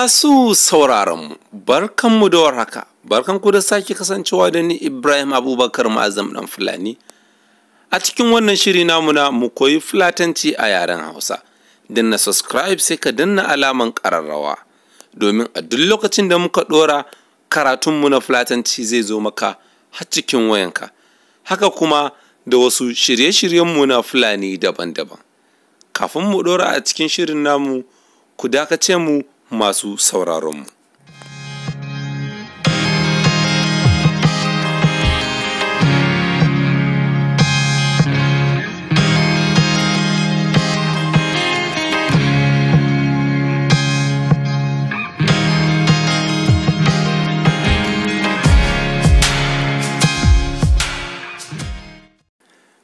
Masu sauraronmu, barkanmu da warhaka, barkanku da sake kasancewa da ni Ibrahim Abubakar Ma'azam ɗan Fulani. A cikin wannan shiri namu na mu koyi Fulatanci a yaren Hausa, danna subscribe sai ka danna alaman ƙararrawa, domin a duk lokacin da muka ɗora karatunmu na Fulatanci zai zo maka har cikin wayanka. Haka kuma da wasu shirye-shiryenmu na Fulani daban-daban. Kafin mu ɗora a cikin shirin namu, ku dakace mu masu sauraronmu.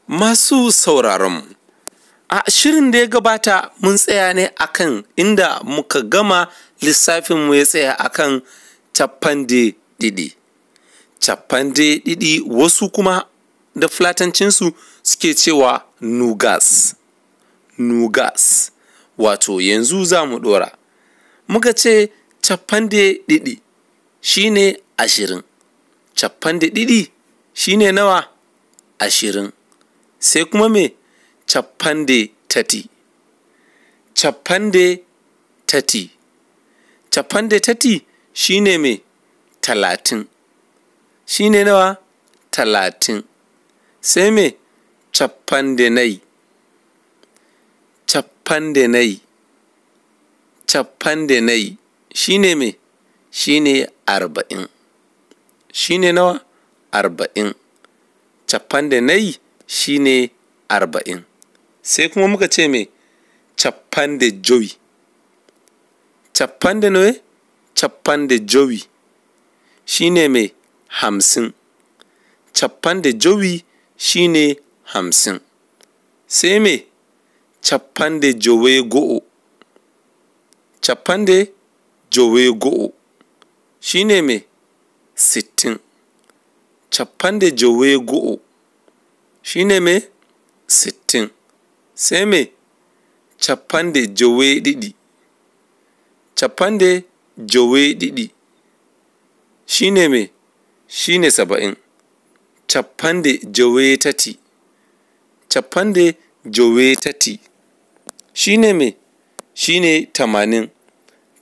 Masu sauraronmu. a shirin da ya gabata mun tsaya ne akan inda muka gama lissafin mu ya tsaya akan cappande ɗiɗi cappande ɗiɗi wasu kuma da flatancinsu suke cewa nugas nugas wato yanzu za mu ɗora muka ce cappande ɗiɗi shine ashirin cappande ɗiɗi shine nawa ashirin sai kuma me cappande tati cappande tati cappande tati shine me talatin shine nawa talatin sai me cappande nai cappande nai cappande nai shine me shine arba'in shine nawa arba'in cappande nai shine arba'in sai kuma muka ce me da jowi cappande noye cappande jowi shine mai hamsin cappande jowi shine hamsin sai mai cappan da jowego'o go'o shi shine mai sittin go'o shi shine mai sittin Sai me seme capanɗe cappande capanɗe shi shine me shi ne saba'in capanɗe cappande capanɗe shi shine me shi ne tamanin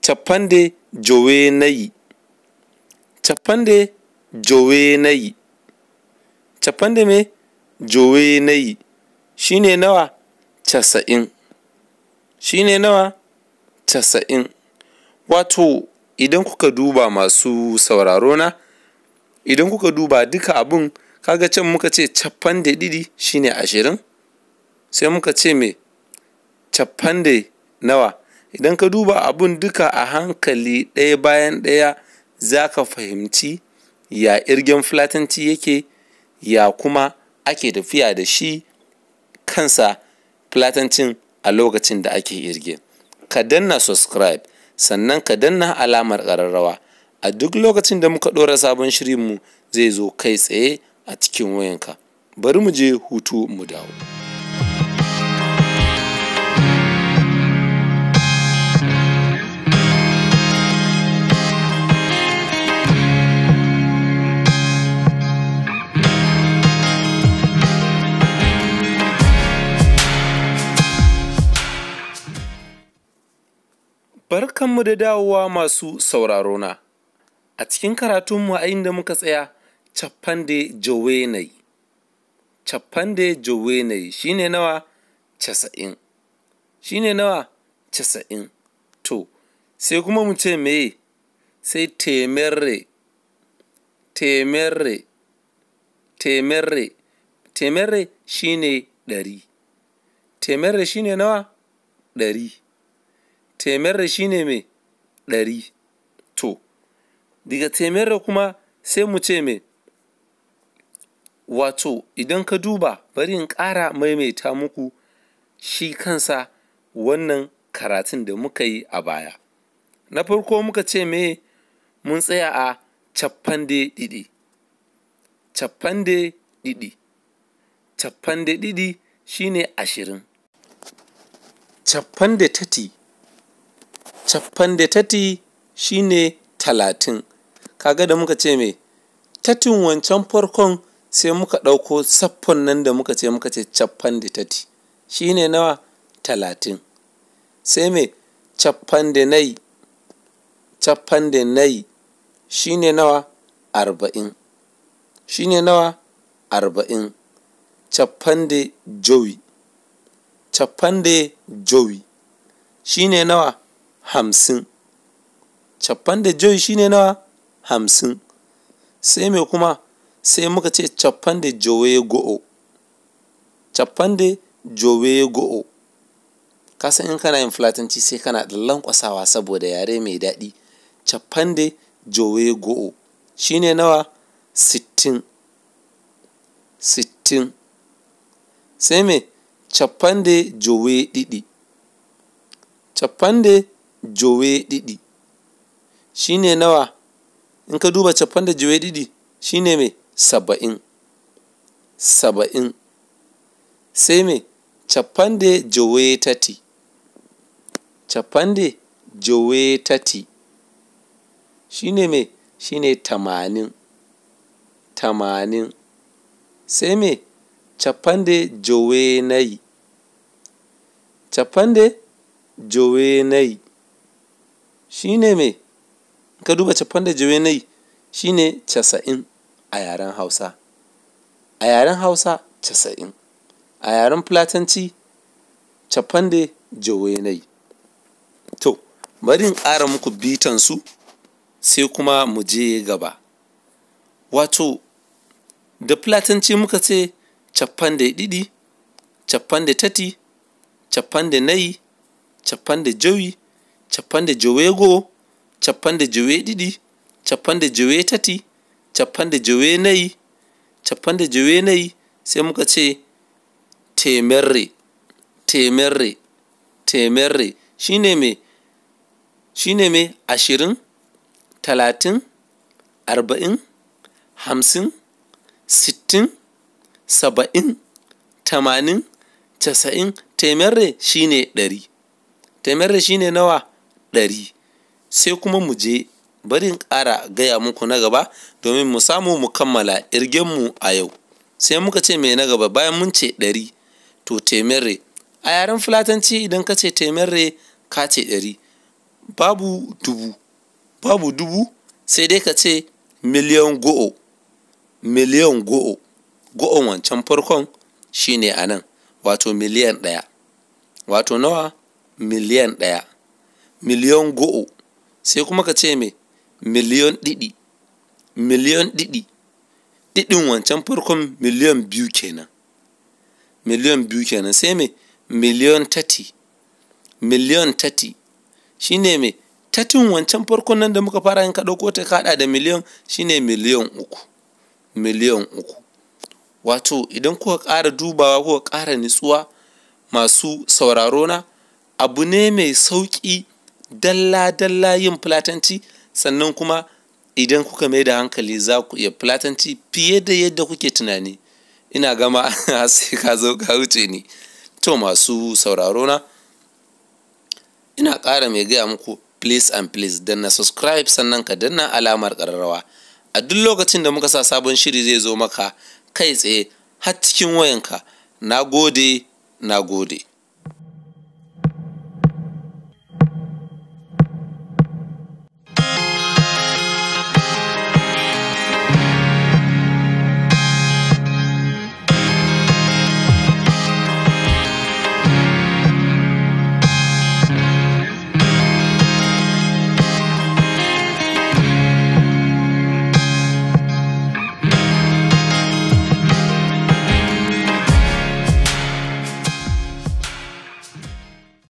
capanɗe joweenayi capanɗe joweenayi cappande me shi shine nawa casa'in shi ne nawa casa'in wato idan kuka duba masu sauraro na idan kuka duba duka abun kaga can muka ce cappan da ɗiɗi ne ashirin sai muka ce mai cappan da nawa idan ka duba abun duka a hankali ɗaya bayan ɗaya za ka fahimci ya irgen fulatanci yake ya kuma ake tafiya da shi kansa platancin a lokacin da ake irge. Ka danna subscribe sannan ka danna alamar ƙararrawa. A duk lokacin da muka ɗora sabon shirinmu zai zo kai tsaye a cikin wayanka. Bari mu je hutu mu dawo. Barkanmu da dawowa masu sauraro na. A cikin karatunmu a inda muka tsaya, cappan da Jowenai. Chapande Jowenai shi ne nawa? Casa'in. Shi ne nawa? Casa'in. To, sai kuma mu ce meye? Sai temerre, temerre, temerre, temerre shi ne ɗari. Temerre shi ne nawa? Ɗari. temerre shine mai ɗari to daga temerre kuma sai mu ce mai wato idan ka duba bari in ƙara maimaita muku shi kansa wannan karatun da muka yi a baya na farko muka ce me mun tsaya a cappande ɗiɗi cappande ɗiɗi cappande ɗiɗi shine ashirin cappande tati cafan da tati shi ne talatin. Kaga da muka ce me? Tatin wancan farkon sai muka ɗauko saffon nan da muka ce muka ce cafan da tati. Shi ne nawa? Talatin. Sai me? cafan da nai. cafan da nai. Shi ne nawa? Arba'in. Shi ne nawa? Arba'in. cafan da jowi. cafan da jowi. Shi ne nawa? hamsin cappan da joy shine nawa hamsin sai mai kuma sai muka ce cappan da jowe go'o cappan da jowe go'o kasan in kana yin fulatanci sai kana da lankwasawa saboda yare mai daɗi cappan da jowe go'o shine nawa sittin sittin sai mai cappan da jowe ɗiɗi cappan da shi shine nawa in ka duba capan da shi shine mai saba'in saba'in sai mai da tati da jowe tati shi shine mai shi ne tamanin tamanin sai mai da capanɗe da capanɗe jowenayi shi ne me ka duba cafan da jiwe na yi shi ne casa'in a yaren hausa a yaren hausa casa'in a yaren filatanci cafan da jiwe na yi to bari in ƙara muku bitansu sai kuma mu je gaba wato da filatanci muka ce cafan da didi cafan da tati cafan da nayi cafan da jawi capanɗe joweego'o capanɗe joweeɗiɗi capanɗe joweetati capanɗe joweenayi capanɗe joweenayi sey muka ce temerre temerre temerre shine me shine me ashirin talatin arba'in hamsin sittin saba'in tamanin casa'in temerre shine ɗari temerre shine nawa ɗari sai kuma mu je barin in ƙara gaya muku na gaba domin mu samu mu kammala mu a yau sai muka ce mai na gaba bayan mun ce ɗari to temerre a yaren fulatanci idan ka ce temerre ka ce ɗari babu dubu babu dubu sai dai ka ce miliyan go'o miliyan go'o go'on wancan farkon shine a nan wato miliyan ɗaya wato nawa miliyan ɗaya miliyon go'o sai kuma ka ce mai miliyon ɗiɗi miliyon ɗiɗi ɗiɗin wancan farkon miliyon biyu kenan miliyon biyu kenan sai mai miliyon tati miliyon tati shi ne mai tatin wancan farkon nan da muka fara yin kaɗo ɗauko ta kaɗa da miliyon ne miliyon uku miliyon uku wato idan kuka ƙara dubawa kuka ƙara nitsuwa masu sauraro na abu ne mai sauƙi dalla-dalla yin fulatanci sannan kuma idan kuka mai da hankali za ku iya fulatanci fiye da yadda kuke tunani ina gama sai ka zo ka wuce ni to masu sauraro na ina ƙara mai gaya muku please and please danna subscribe sannan ka danna alamar ƙararrawa a duk lokacin da muka sa sabon shiri zai zo maka kai tsaye har cikin wayanka na gode na gode